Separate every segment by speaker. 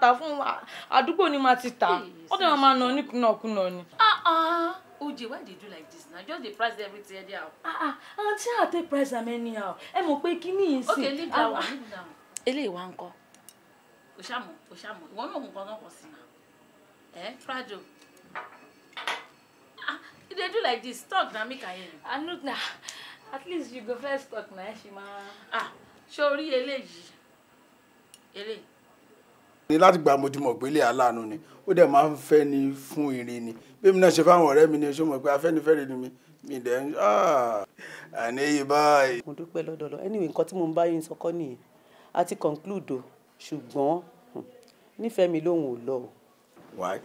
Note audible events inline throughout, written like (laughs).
Speaker 1: ta fún àdúgbò ni màá ti ta ó dẹ̀ máa nà níkùnàkùnà ni. Uh-uh. oje why dey do like this na just dey price everything anyhow. aunty ah, ah. i take price am anyhow ẹ mọ̀ pé kí ni yìí sí. ok leave that ah, one leave that one. eléyìí wá ń kọ́. òṣàmù òṣàmù ìwọ náà kún kan náà kàn sí na prado ah you dey do like this talk na make i hear you. anu na at least you go first talk na ẹ ṣe máa. ah ṣé orí ele eléyìí
Speaker 2: ní láti gba mojúmọ̀ pé ilé aláàánú ni ó dẹ̀ máa ń fẹ́ ni fún ire ni bí mi náà ṣe fáwọn ọ̀rẹ́ mi ni ṣé mo pé afẹ́nifẹ́re ni mi mi dẹ̀ ń ah, àní yìí
Speaker 1: báyìí. mo dúpẹ́ lọ́dọ̀ lọ anyway nǹkan tí mo ń bá yín sọkọ́ nìyẹn a ti conclude o ṣùgbọ́n hmm, nífẹ̀ẹ́ mi lòun ò lọ o. why.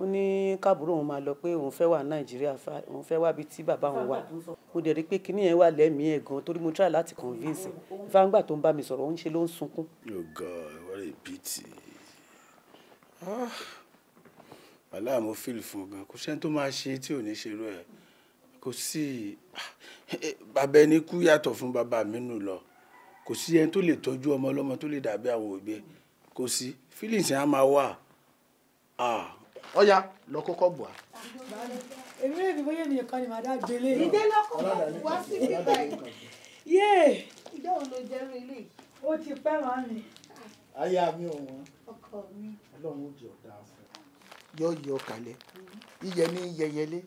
Speaker 1: ó ní káàbùrò òun máa lọ pé òun fẹ́ wà nàìjíríà òun fẹ́ wá bí tí bàbá òun wà mo dẹ̀ rí pé kinní yẹn wà lẹ́mìí ẹ̀ gan torí mo try láti convince ìfáǹgbà tó ń bá mi sọ̀rọ̀ òun ṣe ló ń sunkún.
Speaker 2: oh god bìtì ah, wàhálà mo fìlì fún gan kò sẹ́ni tó máa ṣe tí ò ní ṣerú ẹ̀ kò sí ah, eh, bàbá ẹni kú yàtọ̀ fún bàbá mi nù lọ kò sí ẹni tó lè tọ́jú ọmọ ọlọ́mọ tó lè dàbí àwọn òbí kò sí feelings yẹn á máa wà. Ah, ọ̀ya lọ kọ́kọ́ bù á.
Speaker 1: èmi rèé bóyá ènìyàn kan ni màdá gbélé. ìdè lọ́kọ̀
Speaker 3: wá sí
Speaker 2: bíbá
Speaker 1: yìí. yéè. ìjọ́ òun ló jẹ́rú ilé ó ti pẹ́ màmí
Speaker 2: aya mi ò wọ́n ọkọ mi ọlọ́run ó jẹ́ ọ̀dà fún un. yọ yọ kalẹ̀ yíyẹ ní yẹyẹlé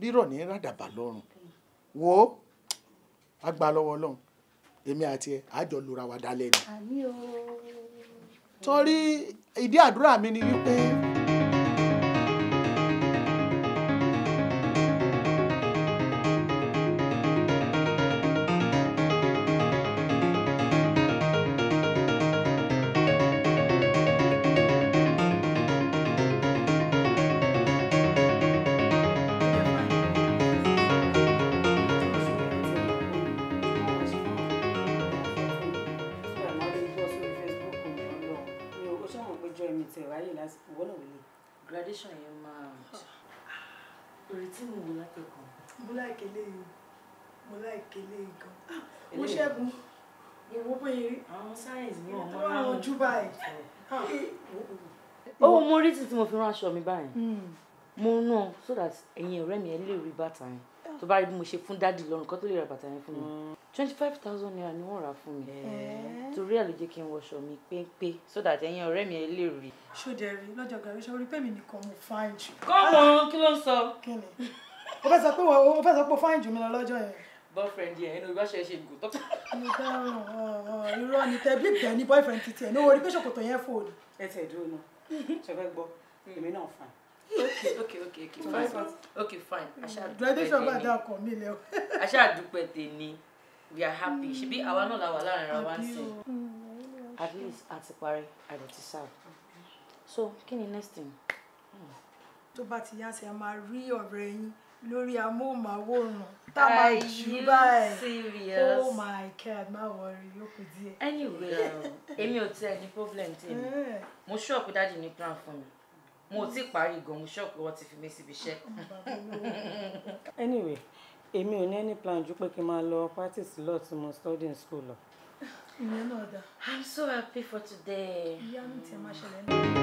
Speaker 2: rírọ̀ ní ràdàbà lọ́rùn wo agbá lọ́wọ́ ọlọ́run èmi àti ẹ àjọ lura wa dalẹ̀ ni. torí ìdí àdúrà mi ni wípé.
Speaker 1: ọjọ́ èmi tẹ̀ ráyè lásìkò wọ́n náà wọlé. graduation yẹn máa ah, orí tí mo wò látẹ̀kọ̀. mo láìké léyìí mo láìké léyìí gan. mo ah, ṣẹ́gun mo wò pé àwọn sáyẹ̀nsì ní ọmọ náà wọ́n jú
Speaker 3: báyìí. Ah. Eh, owó
Speaker 1: mo rí títí mo fi rán aṣọ mi báyìí hmm. mo ná so that ẹ̀yin ọ̀rẹ́ mi ẹ̀ lè rí bàtà yẹn tó bá rí bí mo ṣe fún dádì lọ́rùn kó tó lè ra bàtà yẹn fún mi. Hmm twenty five thousand naira ni wọ́n rà fún mi torí ẹ̀ ló jẹ́ kí n wọṣọ mi péńpé so that ẹ̀yin ọ̀rẹ́ mi ẹ lè rí. ṣòdẹ rí lọ́jọ́ gàrí ṣe orí pẹ̀mí nìkan mo fáìn jù. kọ́mọ kí ló ń sọ. kí ni o fẹ́ sọ pé o fẹ́ sọ pé o fáìn jù mí lọ lọ́jọ́ yẹn boyfriend yẹn inú ìbáṣẹ ṣe gùn tó. mo dáhùn irọ́ ni tẹ́bí tẹ̀ ní boyfriend títí ẹ̀ ní owó orí pé ṣòkòtò yẹn fò ní. ẹ tẹ̀ dúró náà ṣẹfẹ́ gbọ́ èmi náà fine. Okay, okay, okay, fine Okay, fine. graduation bá dáa kọ mí lẹ́wọ̀. àṣà àdúpẹ́ tèmi we are happy ṣebí àwa náà la wà láàrin ara wa ń sìn.
Speaker 3: Mm. at least
Speaker 1: a ti parí àdè ti sáà so kí ni next thing. Hmm. tó bá ti yá sí ẹ máa rí ọ̀rẹ́ yín lórí amóhùnmáwòrán tá a máa jù báyìí oh my god má wọrí yóò kù díẹ̀. anyway (laughs) èmi ò tiẹ̀ ní problem tèmi eh. mo ṣọ́ọ̀pù dájú ní plan fún mi mo ti parí gan mo ṣọ́ọ̀pù wọn ti fi mí síbi iṣẹ́. Oh, (laughs) anyway èmi ò ní any plan ju pé kí n máa lọ practice law tí mo study in school lọ. ìyẹn náà dá. I'm so happy for today. ìyá mi ti máa ṣẹlẹ̀ náà.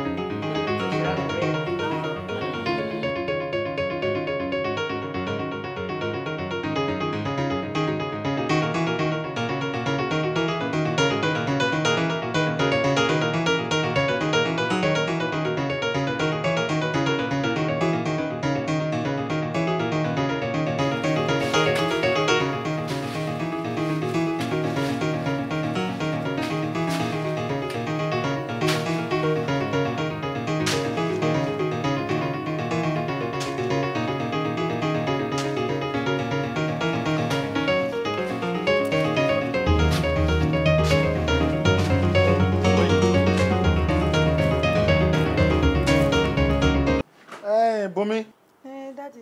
Speaker 1: Bùnmi. ẹ dáàdì.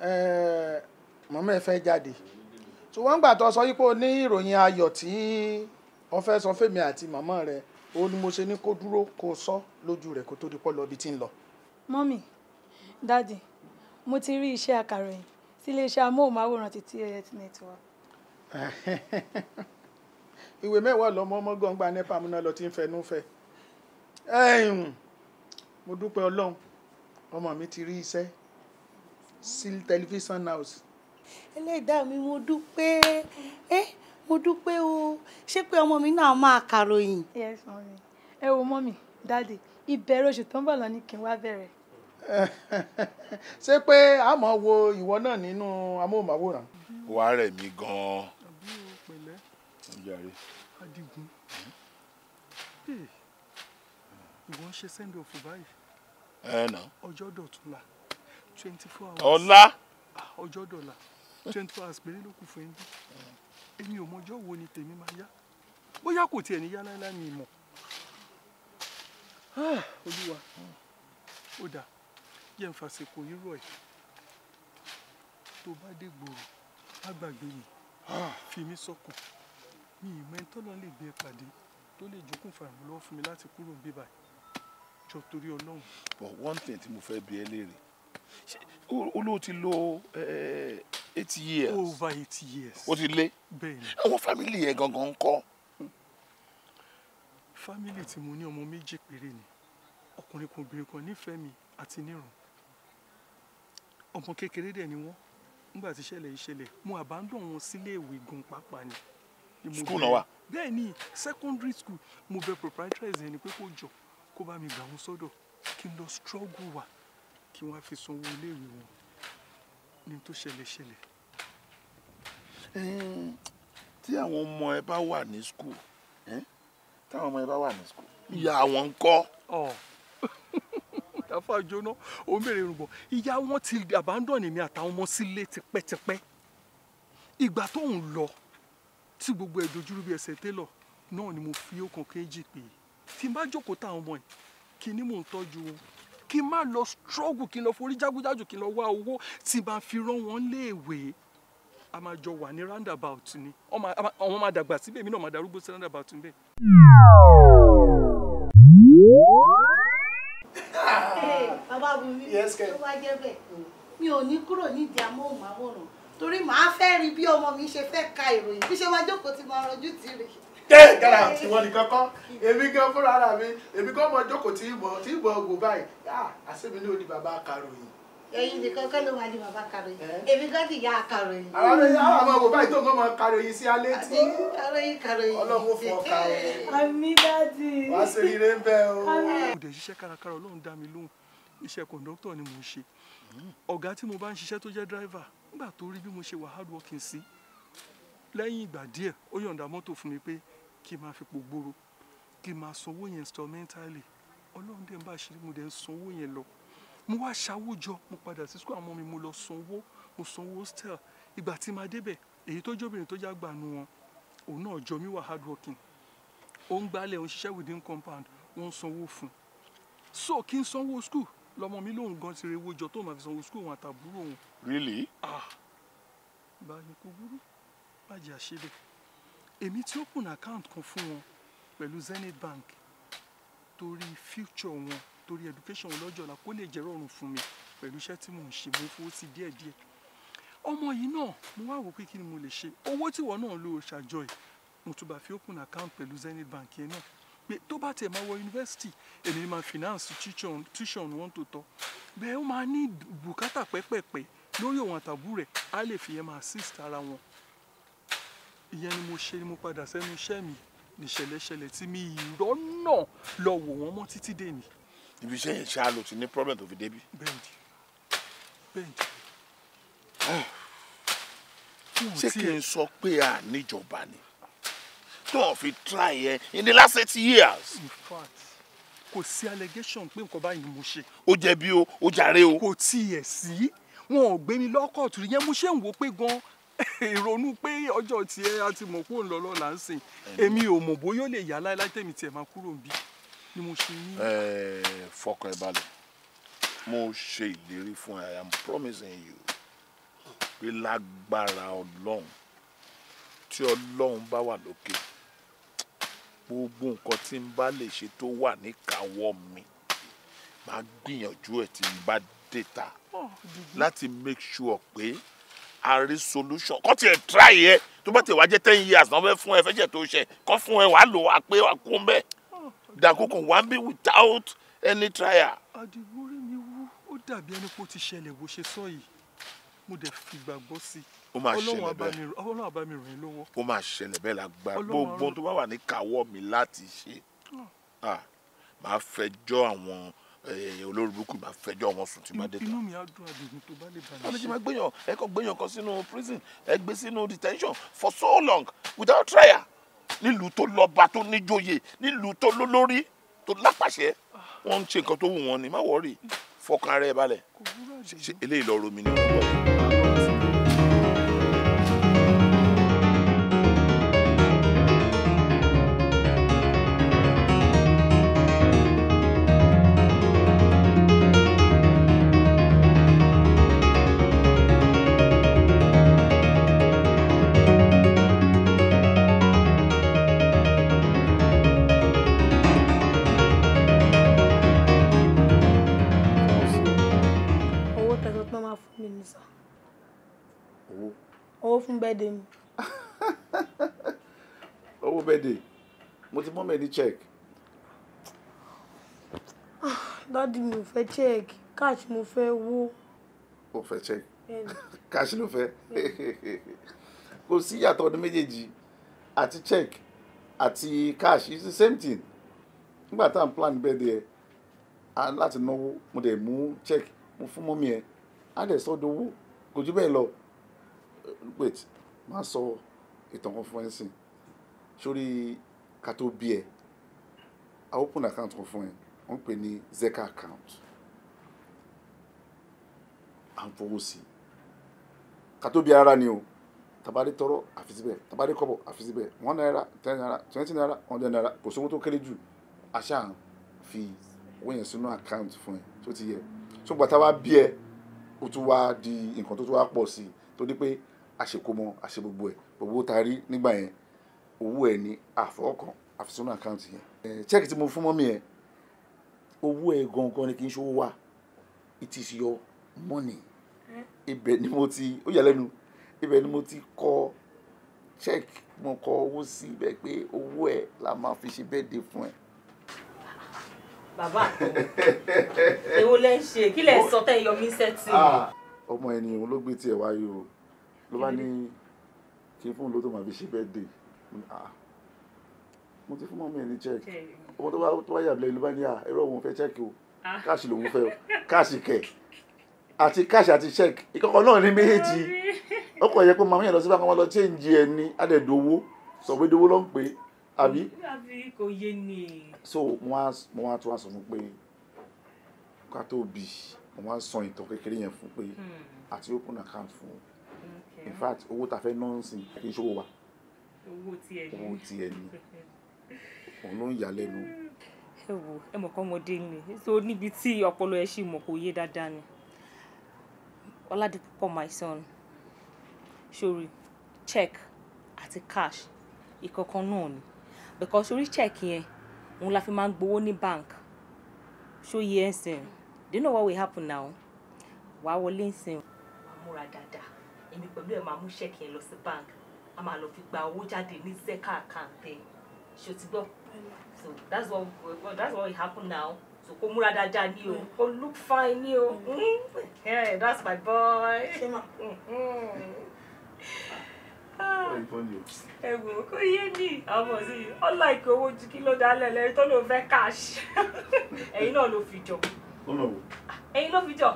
Speaker 2: ẹ mọ̀mọ́ ẹ fẹ́ jáde ṣùgbọ́n gbà tó sọ wípé o ní ìròyìn ayọ̀ tí o fẹ́ sọ fèmi àti màmá rẹ o ní mo ṣe ní kó dúró kó sọ lójú rẹ kó tó di pọ́ lọ ibi tí ń lọ.
Speaker 1: mọ́mì dáàdì mo ti rí iṣẹ́ akàròyìn sílé iṣẹ́ amóhùnmáwòrán ti TAS network.
Speaker 2: (laughs) ìwé mẹ́wàá lọ́mọ ọmọ gbọ̀ngbà nípa amúná lọ ti ń fẹnu fẹ́ mo dúpẹ́ ọlọ́run ọmọ mi ti rí iṣẹ́ sí television house.
Speaker 1: ẹlẹ́dàá mi mo dúpẹ́ ẹ mo dúpẹ́ o ṣé pé ọmọ mi náà máa kàròyìn.
Speaker 3: ẹ
Speaker 1: wo mọ́mì dáàdì ìbẹ̀rẹ̀ oṣù tó ń bọ̀ lọ ni kí n wá bẹ̀rẹ̀. (laughs) ṣé pé a máa wo ìwọ náà nínú amóhùnmáwòrán.
Speaker 2: wà á rẹ̀ mí gan-an.
Speaker 4: pẹ̀lẹ́ adigun ìwọ ń ṣe send off báyìí ẹ nà. ọjọ́ la twenty four hours. ọ̀la. ọjọ́ dọ̀la twenty four hours péré ló kù fún yín èmi ò mọjọ́ wo ni tèmi máa yá bóyá kò tiẹ̀ ní yá láíláí mi mọ̀ ah, olúwa ó dà yẹn fàṣekò yín rọ̀ tó bá dé gbòòrò má gbàgbé mi ah. fi mí sọ́kàn mi ì mọ ẹni tọ́lọ́ lè gbé e pàdé tó lè jókòó fàràmù fún mi láti kúrò ń jọ torí ọlọ́run.
Speaker 2: but one thing tí mo fẹ́ bi ẹ léèrè
Speaker 4: olóò ti lo eight years. over eight years. o ti
Speaker 2: lé. bẹ́ẹ̀ni. àwọn fámìlì yẹn gangan ń kọ́.
Speaker 4: fámìlì tí mo ní ọmọ méjì péré ni ọkùnrin kan obìnrin kan nífẹ̀ẹ́ mi àti nírun ọmọ kékeré dẹ̀ ni wọ́n nígbà tí ìṣẹ̀lẹ̀ ìṣẹ̀lẹ̀ mo abandon wọn sílé ìwé gan pàápàá ni. school náà wà. bẹ́ẹ̀ secondary school mo bẹ proprietress ẹni pé kó jọ kó bá mi gbà wọn sọ́dọ̀ kí n lọ struggle wa kí wọ́n á fi sanwó iléèwé wọn ní tó ṣẹlẹ̀ ṣẹlẹ̀.
Speaker 2: tí àwọn ọmọ ẹ bá wà ní school táwọn ọmọ ẹ bá wà ní school
Speaker 4: ìyá àwọn ń kọ́. àfa jóná ó ń bèrè rúbọ ìyá wọn ti abandon èmi àtàwọn ọmọ sílé tipẹ́tipẹ́ ìgbà tóun lọ tí gbogbo ẹ̀ dojúrú bí ẹsẹ̀ tẹ́lọ̀ náà ni mo fi ọkàn kejì pè é tí n bá jókòó táwọn ọmọ yìí kí ni mò ń tọ́jú wọn kí n má lọ struggle kí n lọ forí jágúdájù kí n lọ wá owó tí n bá fi rán wọn léèwé a máa jọ wà ní roundabout ni ọmọ máa dàgbà síbẹ̀ èmi náà máa darúgbó sí roundabout níbẹ̀. bàbá bumi tó
Speaker 3: wá jẹ́
Speaker 1: bẹ́ẹ̀ mi ò ní kúrò nídìí amóhùnmáwòrán torí màá fẹ́ rí bí ọmọ mi ṣe fẹ́ ka ìròyìn bí ṣe wá jókòó tí mo rọjú ti rí
Speaker 2: tẹ́ gara ìwọ nìkan kọ́ èmi gan fúnra ara mi èmi gan mọ jókòó tí ìbọn tí ìbọn wò báyìí ah, àṣẹmi ní òní bàbá karòyìn.
Speaker 1: ẹyin nìkan kọ́ ló wà ní bàbá karòyìn èmi gan ti yá karòyìn. àwọn ọmọ yàrá àwọn ọmọ báyìí tó ń gbọ́ mọ karòyìn sí alẹ́ tí. karòyìn karòyìn ọlọ́run fún ọkà o. àmì dájú. wàá ṣe
Speaker 3: ire ń bẹ o. òde
Speaker 4: ṣiṣẹ́ kárakára ọlọ́run dá mi lóhùn iṣẹ́ kọ̀ǹdọ́tọ̀ ni mò ń ṣe ọ̀gá tí mo bá ń ṣiṣẹ́ tó jẹ́ dráìvà nígbà tó rí bí mo ṣe wà hard working sí lẹ́yìn ìgbà díẹ̀ ó yọ̀ǹda mọ́tò fún mi pé kí n máa fipò gbòòrò kí n máa sanwó yẹn instrumentally ọlọ́run dẹ̀ ń bá ṣe mo dẹ̀ ń sanwó yẹn lọ mo wá ṣàwùjọ mo padà sí sukùl àwọn mi mo lọ sanwó mo sanwó hostel ìgbà tí màá débẹ̀ èyí tó jóbìnrin tó já gbàánu wọn òun náà jọ mí wà hard working ó ń gbálẹ̀ ó ń ṣiṣẹ́ within compound ó ń sanwó fún so kí n sanwó sukùl lọmọ mi lóun gan ti rewó jọ tó máa fi sanwó sukùl òun àtàbúrò òun. really. ah báyìí kò burú má jẹ́ àṣebẹ̀ èmi tí open account kan fún wọn pẹ̀lú Zenith Bank torí future wọn torí education wọn lọ́jọ́ ọ̀la kó lè jẹ́ rọrùn fún mi pẹ̀lú iṣẹ́ tí mò ń ṣe mo fowó sí díẹ̀díẹ̀ ọmọ yìí náà mo wá wò pé kí ni mo lè ṣe owó tíwọ náà ló ṣàjọ ẹ̀ mo tún bá fi open account pẹ̀lú Zenith Bank yẹn náà pé tó bá tiẹ̀ máa wọ yunifásitì èmi máa finance tuition wọn tó tọ́ bẹ́ẹ̀ ó máa ní bùkátà pẹ́pẹ́pẹ́ lórí òun àtàbù rẹ̀ á lè fi yẹn máa assist ara wọn ìyẹn ni mo ṣe ni mo padà sẹ́nu iṣẹ́ mi níṣẹ̀lẹ̀ṣẹlẹ̀ tí mi ìrọ́ náà lọ wò wọ́n mọ́ títí dé ni.
Speaker 2: ibi iṣẹ́ yẹn ṣáà ló ti ní problem tó fi débi.
Speaker 4: bẹ́ẹ̀ni bẹ́ẹ̀ni. ṣé kí n sọ pé
Speaker 2: a níjọba ni tó wọn fi try ẹ in the last eight years. in
Speaker 4: fact kò sí allegation pé nǹkan báyìí mo ṣe. ó jẹ̀bi o ó jàre o. kò tiẹ̀ sí wọn ò gbé mi lọ́kọ̀ọ̀tù yẹn mo ṣe ń wò pé gan-an (laughs) ìrònú pé ọjọ́ tiẹ̀ a ti mọ̀ kó ń lọ lọ́la ń sìn èmi ò mọ̀ bóyá ó lè yà láéláé tèmi tiẹ̀ máa kúrò níbí ni mo ṣe ní.
Speaker 2: fọkàn ẹ balẹ̀ mo ṣe ìlérí fún ẹ i am promising you pé lágbára ọlọ́run tí ọlọ́run bá wà lókè gbogbo nǹkan tí n bá lè ṣe tó wà níkàáwọ́ mi máa gbìyànjú ẹ̀ tí n bá dé ta oh, láti make sure pé. Okay? a rí solution kọ́ tiẹ̀ try yẹ tó bá tiẹ̀ wá jẹ́ ten years náà fẹ́ fún ẹ fẹ́jẹ̀ tó ṣẹ kọ́ fún ẹ wàá lò wá pé wàá kú ń bẹ̀ dàkókò wá ń bí without any trial.
Speaker 4: àdìgún rí mi wú ó dàbí ẹni pé ó ti ṣẹlẹ̀ bó ṣe sọ yìí mo dẹ̀ fi gbàgbọ́ sí i ọlọ́run àbá mi ràn yín lọ́wọ́.
Speaker 2: ó máa ṣẹlẹ̀ bẹ́ẹ̀ la gba gbogbo tó bá wà ní kàwọ́ mi láti ṣe ah. Ah, màá fẹjọ́ àwọn Eh, olórí burúkú máa fẹjọ́ wọn sùn tí máa dé tán. inú mi
Speaker 4: á dùn àdùnnú tó bá lè bá mi. àlejò máa
Speaker 2: gbéyàn ẹ kàn gbéyàn kan sínú prison ẹ gbé sínú detention for so long without trial nílùú tó lọ́ba tó níjòyè nílùú tó lólórí tó lápàṣẹ wọ́n ń ṣe nǹkan tó wù wọ́n ni má wọ́ọ̀rì fọkàn ara ẹ balẹ̀ ṣe eléyìí lọ́ọ́ romi ni wọ́n ń
Speaker 1: wọ́n máa fún mi ní sá. owó. owó fún bẹ́ẹ̀dẹ̀ mi.
Speaker 2: (laughs) owó bẹ́ẹ̀dẹ̀ mo ti mọ́ mẹ́ni check.
Speaker 1: Ah, dádì mi ò fẹ́ check cash mo fẹ́ wó.
Speaker 2: o fẹ́ check (laughs) cash ló fẹ́ (laughs) kò sí ìyàtọ̀ ọdún méjèèjì àti check àti cash it's the same thing nígbà tá à ń plan bẹ́ẹ̀ de ẹ láti náwó mo dẹ̀ mú check mo fún mọ́mí ẹ á dẹ̀ sọ dowó kò jù bẹ́ẹ̀ lọ wait má sọ ìtàn kan fún ẹ sìn sórí ká tó bí ẹ a open account kan fún ẹ wọ́n pè ní zeka account à ń fowó sí i ká tó bí ara ni o tabali tọrọ àfi síbẹ̀ tabali kọ́bọ̀ àfi síbẹ̀ one naira ten naira twenty naira hundred naira kò sówó tó kéré jù àṣà fi wọ́n yẹn sínú àkáǹtì fún ẹ tó ti yẹ tó gbàtà wá bí ẹ ó tún wá di nǹkan tó tún wá pọ̀ sí i tó ní pé àṣekọmọ àṣegbogbo ẹ̀ gbogbo tá a rí nígbà yẹn owó ẹ̀ ní àfọwọ́kàn àfisúnà àkáǹtì yẹn. check tí mo fún mọ́mí yẹn owó ẹ̀ gangan ni kì í ṣòwò wà it is your money ibẹ̀ ni mo ti ó yà lẹ́nu ibẹ̀ ni mo ti kọ check mo kọ owó sí ibẹ̀ pé owó ẹ̀ la máa fi ṣe bẹ́ẹ̀ dé fún ẹ̀
Speaker 1: bàbá èwo lẹ ń ṣe kí lẹ sọ tẹ yọ mí sẹtì.
Speaker 2: ọmọ ẹni òun ló gbé tiẹ̀ wáyé o ló bá ní kí n fóun ló tó máa fi ṣe birthday mo ti fún mọ́mí ẹni check ọmọ tó bá tó bá yàgbẹ́ ló bá ní à ẹ̀rọ òun fẹ́ check o káàṣì lòun fẹ́ o káàṣì kẹ̀ àti káàṣì àti check ìkọ̀kọ̀ náà ní méjèèjì ọkọ̀ yẹ pé màmí yẹn lọ sí bákan wọn lọ change ẹni adẹ̀dọ̀wọ́ sọ̀wédowó ló ń pè é àbí.
Speaker 1: àbí kò yé ni so
Speaker 2: mo wá mo wá tún wá sọ fún pé ká tó bì mo wá sọ ìtàn kékeré yẹn fún pé àti hmm. open account fún in fact owó tá a fẹ́ náà ń sìn ṣòwò wa
Speaker 1: owó tiẹ̀ ni owó
Speaker 2: (laughs) òun ló ń yà lẹ́nu.
Speaker 1: ẹ wo ẹ mọ̀ kọ́ ọmọdé ni so níbi tí ọpọlọ ẹ ṣì mọ̀ kò yé dáadáa ni Ọládipúpọ̀ my son sori check àti cash ìkọ̀kan náà ni because sori check yẹn òun la fi máa ń gbowó ní bank ṣó yẹ ẹ sìn do you know what will happen now wàá wọlé ń sìn. wàá múra dáadáa èmi pẹ̀lú ẹ̀ máa mú ṣẹ́ẹ̀kì yẹn lọ sí bank a máa lọ fi gba owó jáde ní zeka account ẹ̀ ṣó ti gbọ́ so that's what well, that's what will happen now so kó múra dáadáa ní o kó look fine ní o mm. mm. yeah, that's my boy ẹ ah, wò ó kò yé mi ọmọ sí i ó lọ ìkó owó ju kí ló dálẹ̀ lẹ́yìn tó lóun fẹ́ cash (laughs) ẹ̀yin náà ló fi jọ ẹ̀yin ló fi jọ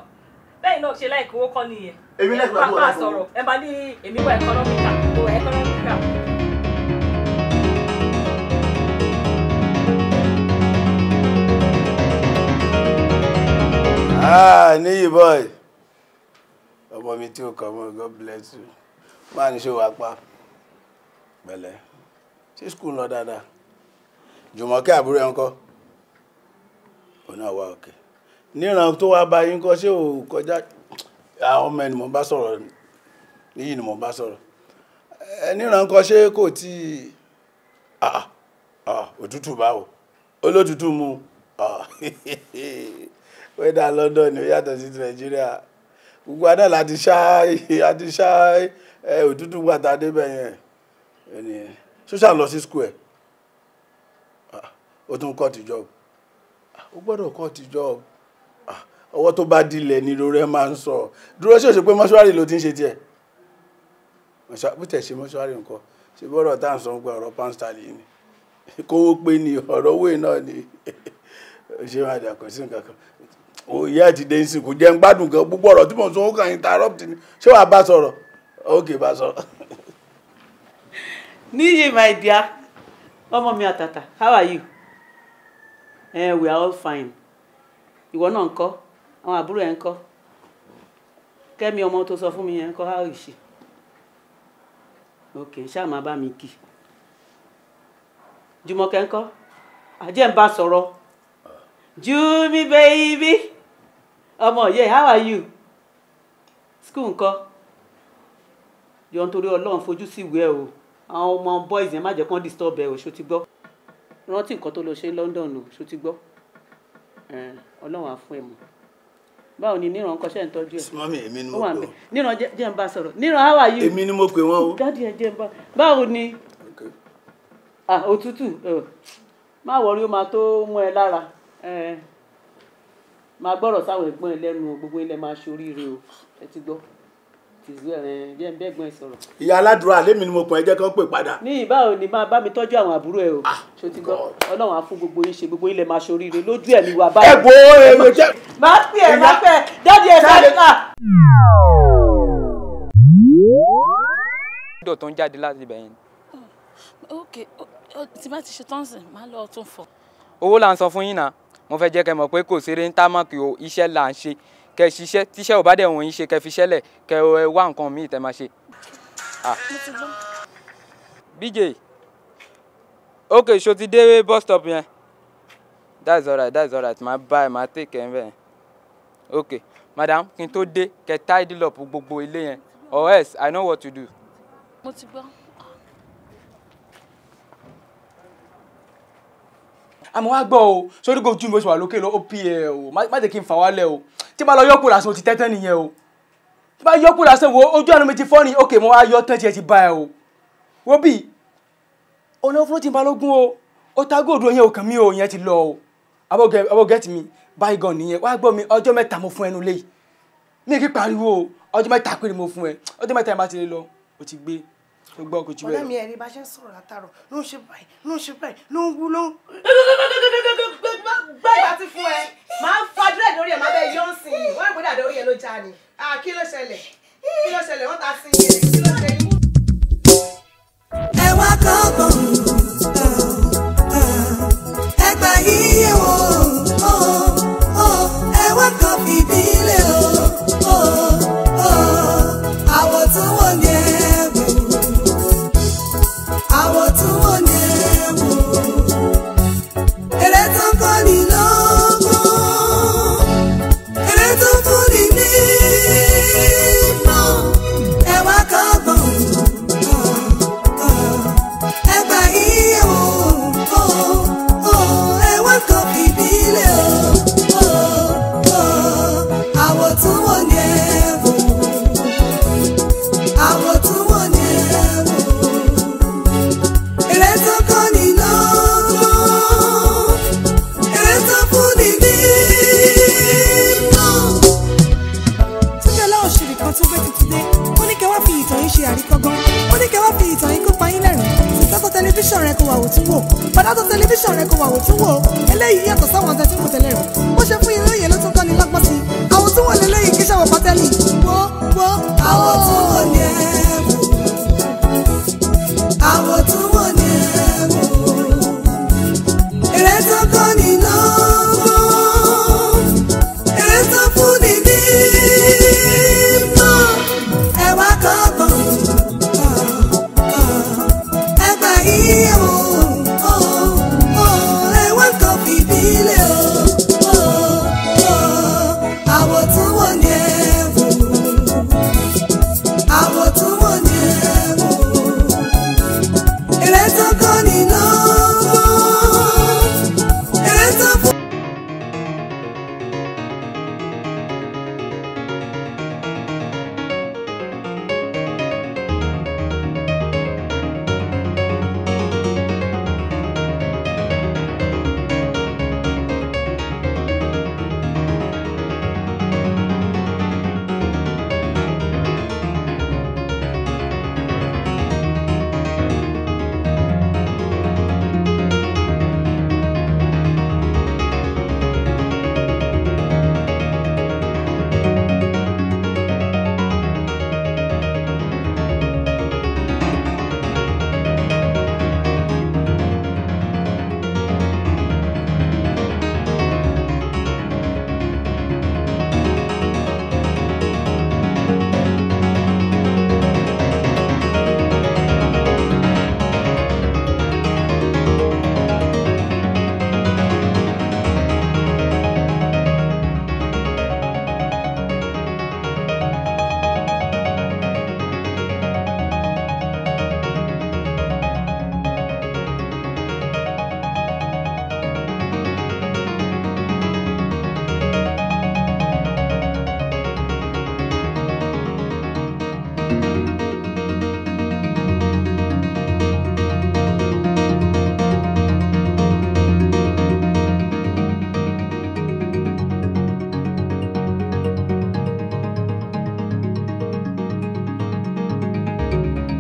Speaker 1: bẹ́ẹ̀ náà ṣe láì kówó kọ́ nìyẹn èmi lẹ́kọ̀ọ́ àbúrò àbúrò sọ̀rọ̀ ẹ bá ní èmi wọ ẹ̀kọ́nọ́míkà wọ ẹ̀kọ́nọ́míkà.
Speaker 2: Ah, Niyi boy. Ọmọ mi tí o kọ̀ mọ́, God bless you. máa ní ṣe wàá pa pẹ̀lẹ́ ṣé skul lọ dáadáa jùmọ̀kẹ́ àbúrò ẹ̀ ń kọ́ òun náà wá òkè níran tó wá bá yín kọ́ ṣé ò kọjá àwọn ọmọ ẹ ni mò ń bá sọ̀rọ̀ níyì ni mò ń bá sọ̀rọ̀ ẹ níran kọ́ ṣé kò tí òtútù báwo olótútù mu wẹ́dà London (laughs) ni ó yàtọ̀ sí ti Nàìjíríà. gbogbo adá la ti ṣá àti ṣá òtútù gbàtà débẹ̀ yẹn ṣóṣà lọ sí school ah, ó tún ah, ó gbọ́dọ̀ ah, ọwọ́ tó bá dilẹ̀ ni lórí ẹ máa ń sọ dúró ṣèṣe pé mọ́ṣúárì ló ti ń ṣe tiẹ̀ bó ṣe mọ́ṣúárì nǹkan ṣe bọ́rọ̀ tá òye ẹ̀ ti dé nsìn kò jẹ́ ń gbádùn gan gbogbo ọ̀rọ̀ tí mo sọ ó kàn interrupt ni ṣé wàá bá sọ̀rọ̀ ok bá sọ̀rọ̀.
Speaker 1: (laughs) níyì my dear ọmọ mi àtàtà how are you? Eh, we are all fine ìwọ náà ńkọ́ àwọn àbúrò ẹ̀ ńkọ́ kẹ́mi ọmọ tó sọ fún mi yẹn ńkọ́ how is she? ok ṣáà máa bá mi kì jùmọ̀kẹ́ ńkọ́ àjẹ́ ń bá sọ̀rọ̀ jùmí baby ọmọ yẹ how are you school ńkọ́ yọ nítorí ọlọ́run fojú sí ìwé ẹ o àwọn ọmọ boys yẹn má jẹ́ kán disturb ẹ o ṣó ti gbọ́ rántí nǹkan tó lọ ṣe London o ṣó ti gbọ́ ọlọ́run á fún ẹ mọ̀ báwo ni níran kọ́ ṣe ń tọ́jú ẹ̀. mọ́mí èmi ni mo pè wọ́n. níran jẹ́ ń bá sọ̀rọ̀ níran how are you. èmi ni mo pè wọ́n o. dáàdi ẹ jẹ́ ń bá báwo ni ah, òtútù má wọrí ó máa tó mú ẹ lára máa gbọ́rọ̀ sáwọn ẹ̀gbọ́n ẹ lẹ́nu gbogbo ilẹ̀ máa ṣoríire o ẹ ti gbọ́
Speaker 2: ìyá aládùúrà lémi ni mo pọ̀ ẹ jẹ́ kí wọ́n pè
Speaker 1: padà. ní ìbáwo ni máa bá mi tọ́jú àwọn àbúrò ẹ o ah, ṣó ti gbọ́ ọlọ́run á fún gbogbo yín ṣe gbogbo yín lè máa ṣoríire lójú ẹ̀mí wa báyìí. ẹ bo èrò jẹ. máa pè é máa pè é jáde ẹ sáré kà. dọ̀ tó ń jáde láti ibẹ̀ yẹn. ok tí bá ti ṣe tọ́ǹsì máa lọ tún fọ. owó là ń sọ fún yín mo fẹ́ jẹ́ kẹ́ mọ̀ pé kò ṣeré ń tá mọ̀ kí o iṣẹ́ là ń ṣe kẹ́ ṣiṣẹ́ tíṣẹ́ ò bá dẹ̀ wọ̀nyí ṣe kẹ́ fi ṣẹlẹ̀ kẹ́ ẹ wá nǹkan míì tẹ́ máa ṣe. BJ ok ṣo ti dé bus stop yẹn that's alright that's alright máa bá ẹ máa take ẹ bẹ́ẹ̀ ok madam kí n tó dé kẹ́ tidy up gbogbo ilé yẹn or else I know what to do. mo ti gbọ́. àmọ́ wá gbọ́ o sórí kò tún mi bó ṣe wà lókè lọ ó pì ẹ o má jẹ́ kí n fà wálẹ̀ o tí bá lọ yọ̀pọ̀ lásán o ti tẹ́tẹ́ nìyẹn o tí bá yọ̀pọ̀ lásán wo ojú àánú mi ti fọ́ ni òkè mo wá yọ tán tiẹ̀ ti bá ẹ o wo bí ọ̀nà òfurufú ti balógun o ó ta góòdù yẹn òkàn mi o yẹn ti lọ o abọ́gẹ́tì mi báyìí gan nìyẹn wá gbọ́ mi ọjọ́ mẹ́ta mo fún ẹnu lé mi kí pariwo ọjọ́ mẹ́ta péré mo fún ẹ ọjọ́ mẹ́ta yẹn bá ti lè lọ o ti gbé o gbọ́ kò jù bẹ́ẹ̀ lọ. ọ̀dà mi ẹ̀rí bá ṣe sọ̀rọ̀ látàrọ̀ ló ń ṣe báyìí ló ń ṣe báyìí ló ń wú ló ń. ìjà ni kí ló ṣẹlẹ̀
Speaker 3: kí ló ṣẹlẹ̀ wọ́n ta sí iye kí ló ṣe yín. ẹ wá kọ́ ọgbọ̀n.